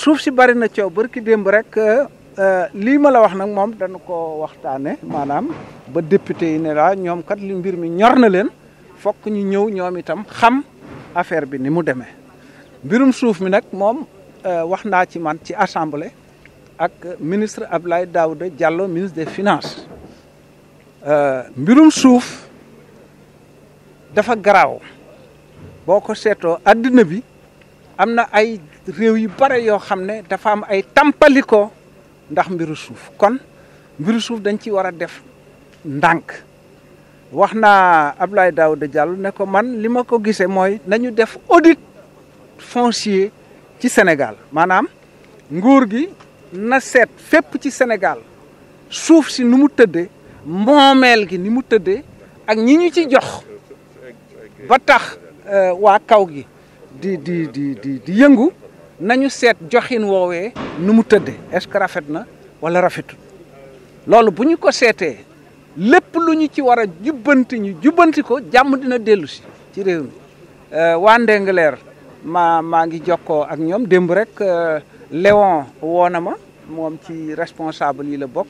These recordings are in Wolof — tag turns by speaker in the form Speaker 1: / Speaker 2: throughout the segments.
Speaker 1: suuf si bari na ciow barki démb rek euh, euh, li ma la wax nag moom dañu ko waxtaane maanaam ba député yi ne la ñoom kat li mbir mi ñor na leen fokk ñu ñëw ñoom itam xam affaire bi ni mu demee mbirum suuf mi nag moom euh, wax naa ci man ci assemblée ak ministre Ablaye Daouda Diallo ministre des finances mbirum suuf dafa garaaw boo ko seetoo àddina bi am ay réew yu bare yoo xam ne dafa am ay tàmpalikoo ndax mbiru suuf kon mbiru suuf dañ ci def dank. wax naa Abdoulaye Daouda Diallo ne ko man lima ma ko gisee mooy nañu def audit foncier ci Senegal. Manam, nguur gi na set fépp ci senegal suuf si nu mu tëddee gi ni mu tëddee ak ñi ci jox ba tax euh, kaw gi di di di di di yëngu nañu seet joxin woowee nu mu tëdde est-ce rafet na wala rafetul loolu bu ñu ko seetee lépp lu ñu ci war a jubbanti ñu jubbanti ko jàmm dina dellu si ci réew mi euh, waa Ndingler maa maa ngi jokkoo ak ñoom démb rek euh, leon woo na ma moom ci responsable yi la bokk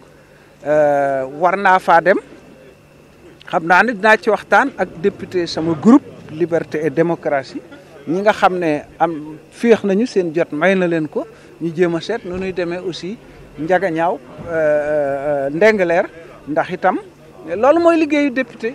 Speaker 1: euh, war naa faa dem xam naa ne dinaa ci waxtaan ak député sama groupe Liberté et Démocratie ñi nga xam ne am féex nañu seen jot may na leen ko ñu jéem a seet nu ñuy demee aussi njaga ñaaw euh, euh, euh, ndengaleer ndax itam loolu mooy liggéeyu député